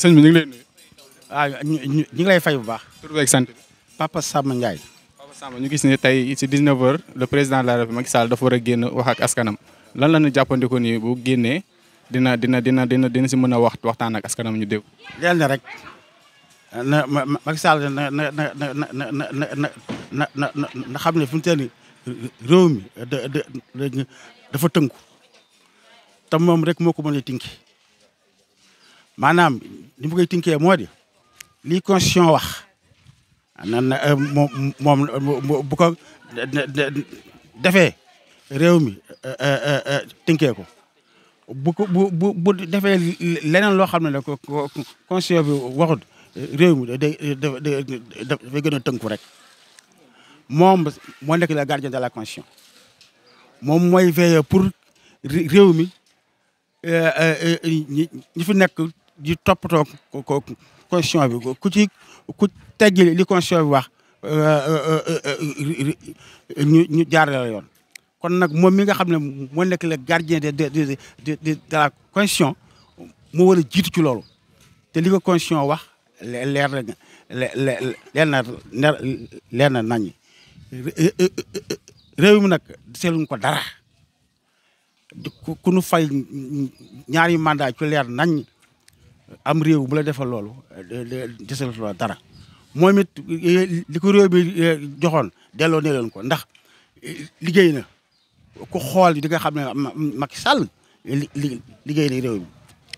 sëñ bi ñu ngi lay ñu ngi lay fay bu baax. tur beeg sant Papa Samba Ndiaye. Papa Samba ñu gis ne tey ci 19h le président de la République Macky Sall dafa war a génn wax ak askanam lan la ñu jàppandiku nii bu génnee dina dina dina dina dina si mën a wax waxtaan ak askanam ñu dégg. leen rek na Macky na na na na na na xam ne fi mu toll nii réew mi dafa tënku te moom rek moo ko mën a tinki manam ni mu tinké tënkee wax nan euh, mom bu ko ne sais bi waxut réew mi day gëna rek mom mo la gardien de la conscience mom suis veiller pour réew mi euh, euh, ñi di toppatoo ko constitution bi ku ci ku teggi li constitution bi wax euh, euh, euh, ñu ñu jaarale la yoon. kon nag moom mi nga xam ne moo nekk le gardien de de de de de la constitution mu war a jiitu ci loolu te li ko wax leer na leer na leer mi nag seetluñ ko dara ku nu fay ñaari mandat ci leer nañ am réew bu la defa loolu desalatu la dara moom it eh, li ko réew bi eh, joxoon delloo ne leen ko ndax eh, liggéey na ku xool di nga xam ne Macky Sall liggéey na réew bi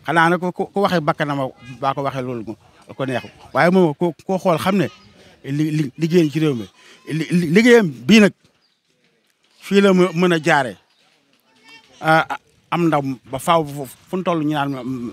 xanaa nag ko ko waxee bakkanam baa waxee loolu ko neex waaye moom ko koo xool xam ne li liggéey ci réew mi liggéeyam bii nag fii la mën a jaaree ah, ah, am ndam ba faaw fu mu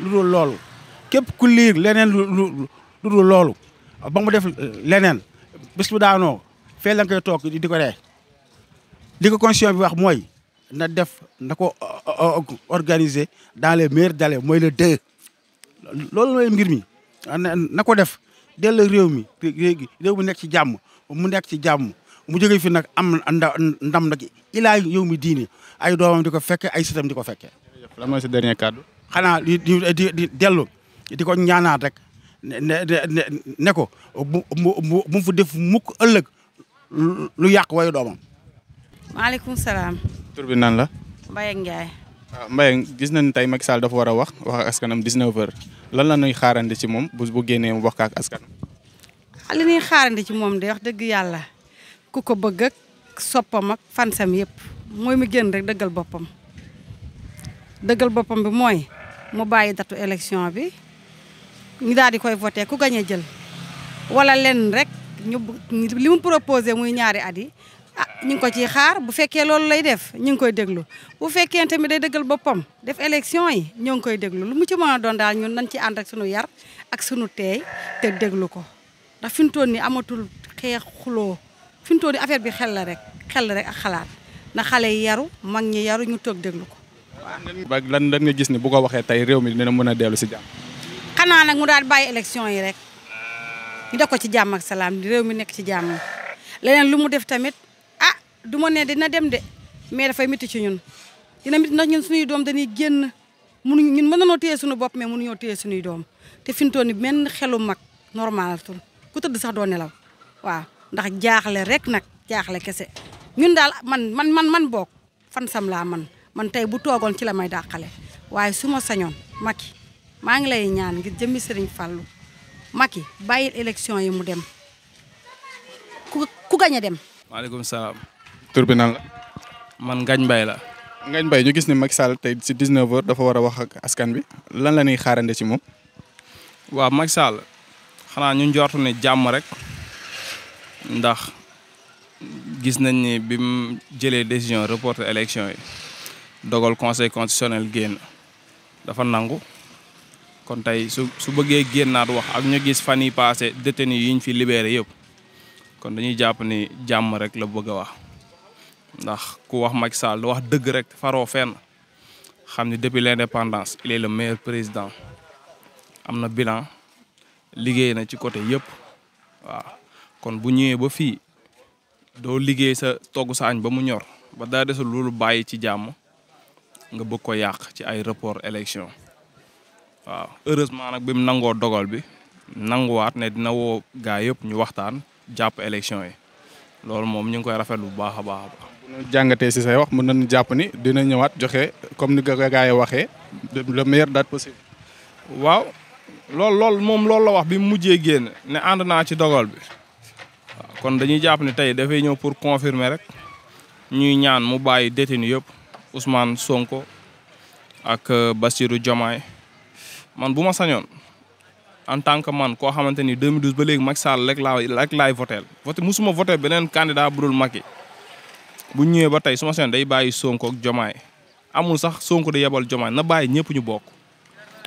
lu dul loolu képp ku liir leneen lu dul loolu ba mu def euh, leneen bis bu daanoo fee la koy toog di ko ree li ko constitution bi wax mooy na def na ko organiser dans le meilleurs délais mooy le deux loolu mooy mbir mi na ko def dell réew mi réew mi nekk ci jàmm mu nekk ci jàmm mu jóge fi nag am ndam nag ilaa yow mi diini ay doomam di ko fekke ay sëtam di ko fekke lan mooy sa kàddu xanaa di di di dellu di ko ñaanaat rek ne ko bu mu fa def mukk ëllëg lu yàq wayu doomam. maaleykum salaam. tur nan la. Mbaye Ndiaye. waaw ah, Mbaye gis nañ tey Macky Sall dafa war a wax wax askanam 19h lan la ñuy xaarandi ci moom bu bu génnee mu wax ak askan. Ah, li ñuy xaarandi ci moom de wax dëgg yàlla ku ko bëgg ak soppam ak fansam yépp mooy mu génn rek dëggal boppam dëggal boppam bi mooy mu bàyyi datu élection bi ñu daal di koy voté ku gañe jël wala lenn rek ñu li mu proposé muy ñaari at yi ah ñu ngi ko ciy xaar bu fekkee loolu lay def ñu ngi koy déglu bu fekkee tamit day dëggal boppam def élection yi ñoo ngi koy déglu lu mu ci mën a doon daal ñun nañ ci ànd ak sunu yar ak sunu teey te déglu ko ndax fi mu toll nii amatul xeex xuloo fi mu toll nii affaire bi xel la rek xel la rek ak xalaat na xale yi yaru mag ñi yaru ñu toog déglu ko ba lan lan nga gis ni bu ko waxee tey réew mi dina mën a dellu si jàmm. xanaa nag mu daal bàyyi élection yi rek ñu def ci jàmm ak salaam réew mi nekk ci leneen lu mu def tamit ah duma ma ne dina dem de mais dafay métti ci ñun dina métti ndax ñun suñuy doom dañuy génn mënuñ ñun mën nañoo téye suñu bopp mais mënuñoo téye suñuy doom te fintoon ni xelu normal tul ku tëdd sax doo nelaw waaw ndax jaaxle rek nak jaaxle kese ñun daal man man man man boog fan sam laa man man tey bu toogoon ci la may dàqale waaye su ma sañoon Macky maa ngi lay ñaan ngir jëmmi Serigne Fallou Macky bàyyil élection yi mu dem ku ku dem. maaleykum salaam. tur bi la. man Ngagne Mbaye la. Ngagne Mbaye ñu gis ne Macky Sall tey si 19 dafa war a wax ak askan bi lan la ñuy xaarande ci moom. waaw Macky Sall xanaa ñu njortu ne jàmm rek ndax gis nañ ni bi mu jëlee décision reporter élection yi. dogal conseil constitutionnel génn dafa nangu kon tey su su bëggee génnaat wax ak ñu gis fan yi passé détenu yi ñu fi libéré yëpp kon dañuy jàpp ni jàmm rek la bëgg a wax ndax ku wax Macky Sall lu wax dëgg rek faroo fenn xam ni depuis l'indépendance il est le meilleur président am na bilan liggéey na ci côté yëpp waaw kon bu ñëwee ba fii doo liggéey sa togg sa añ ba mu ñor ba daa desul loolu bàyyi ci jàmm nga bëgg ko yàq ci ay rapport élection waaw heureusement nag bi mu nangoo dogal bi nanguwaat ne dina woo gaa yëpp ñu waxtaan jàpp élection yi loolu moom ñu ngi koy rafet bu baax a baax jàngatee si say wax mën nañu jàpp ni dina ñëwaat joxe comme ni ko gaa yi waxee le meilleure date possible. waaw loolu loolu moom loolu la wax bi mu mujjee génn ne ànd naa ci dogal bi. kon dañuy jàpp ne tey dafay ñëw pour confirmer rek ñuy ñaan mu bàyyi détenu yëpp. Ousmane Sonko ak euh, Bassirou Diomaye man bu ma sañoon en tant que man koo xamante ni 2012 ba léegi Macky Sall rek laa rek laay voté voté musuma voté beneen candidat bu dul Macky bu ñëwee ba tey su ma sañoon day bàyyi Sonko ak amul sax Sonko di yebal Diomaye na bàyyi ñëpp ñu bokk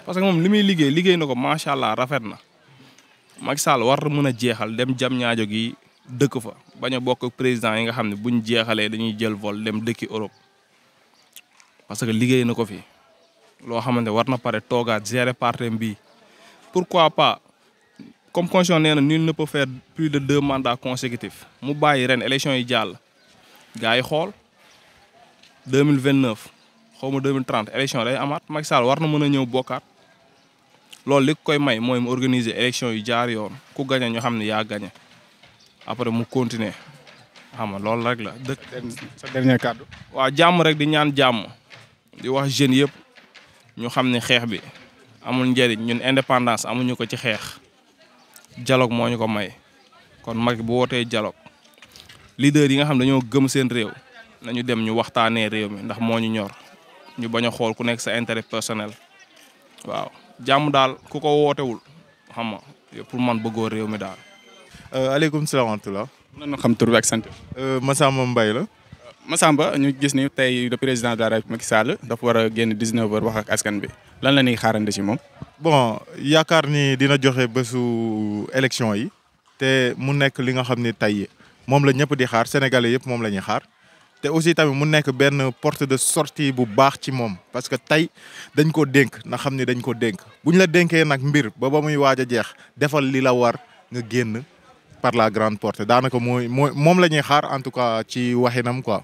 parce que moom li muy liggéey liggéey na ko macha allah rafet na Macky Sall war mun a jeexal dem jam ñaajo gi dëkk fa bañ bokk président yi nga xam ne buñ jeexalee dañuy jël vol dem dëkki Europe. parce que liguey nako fi lo xamantene warna paré toga toogaat gérer partem bi pourquoi pas comme constitution néna nul ne peut faire plus de deux mandats consécutifs mu bàyyi ren élection yi dial gars xol 2029 deux 2030 élection day amaat Macky Sall warna na mën a ñëw bokkaat loolu li koy may mooy mu organiser élection yi jaar yoon ku gagné ñu xam ya gagné après mu continuer xam nga loolu rek la. deuk sa dernier kàddu. wa jamm rek di ñaan jamm di wax jeunes yëpp ñu xam ni xeex bi amul njëriñ ñun indépendance amuñu ko ci xeex jaloog moo ñu ko may kon Macky bu wootee jaloog lider yi nga xam dañoo gëm seen réew nañu dem ñu waxtaanee réew mi ndax moo ñu ñor ñu bañ a xool ku nekk sa intérêt personnel waaw jàmm daal ku ko wootewul xam nga pour man bëggoo réew mi daal. Euh, aleykum salaam wa rahmatulah. mën xam tur bi ak sant. Euh, Massamba Mbaye la. masamba ñu gis ni tey le président de la République Macky Sall dafa war a génn 19 heures wax ak askan bi lan la ñuy xaarande ci moom. bon yaakaar ni dina joxe bésu élection yi te mu nekk li nga xam ni tey moom la ñëpp di xaar sénégalais yëpp moom la ñuy xaar te aussi tamit mu nekk benn porte de sortie bu baax ci moom parce que tey dañ ko dénk na xam ni dañ ko dénk bu ñu la dénkee nag mbir ba ba muy waaj a jeex defal li la war nga génn par la grande porte daanaka mooy mooy moom la ñuy xaar en tout cas ci waxinam quoi.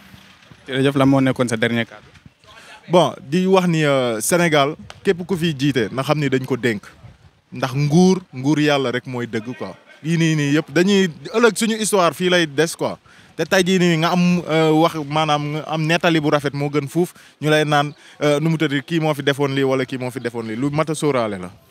jërëjëf lan moo nekkoon sa dernier cadre. bon di wax ni euh, Sénégal képp ku fi jiite na xam ni dañ ko dénk ndax nguur nguur yàlla rek mooy dëgg quoi. yii nii nii yëpp dañuy ëllëg suñu histoire fii lay des quoi te tey jii nii nga am euh, wax maanaam nga am nettali bu rafet moo gën fuuf ñu lay naan euh, nu mu tëdd kii moo fi defoon lii wala kii moo fi defoon lii lu mat a sóoraale la.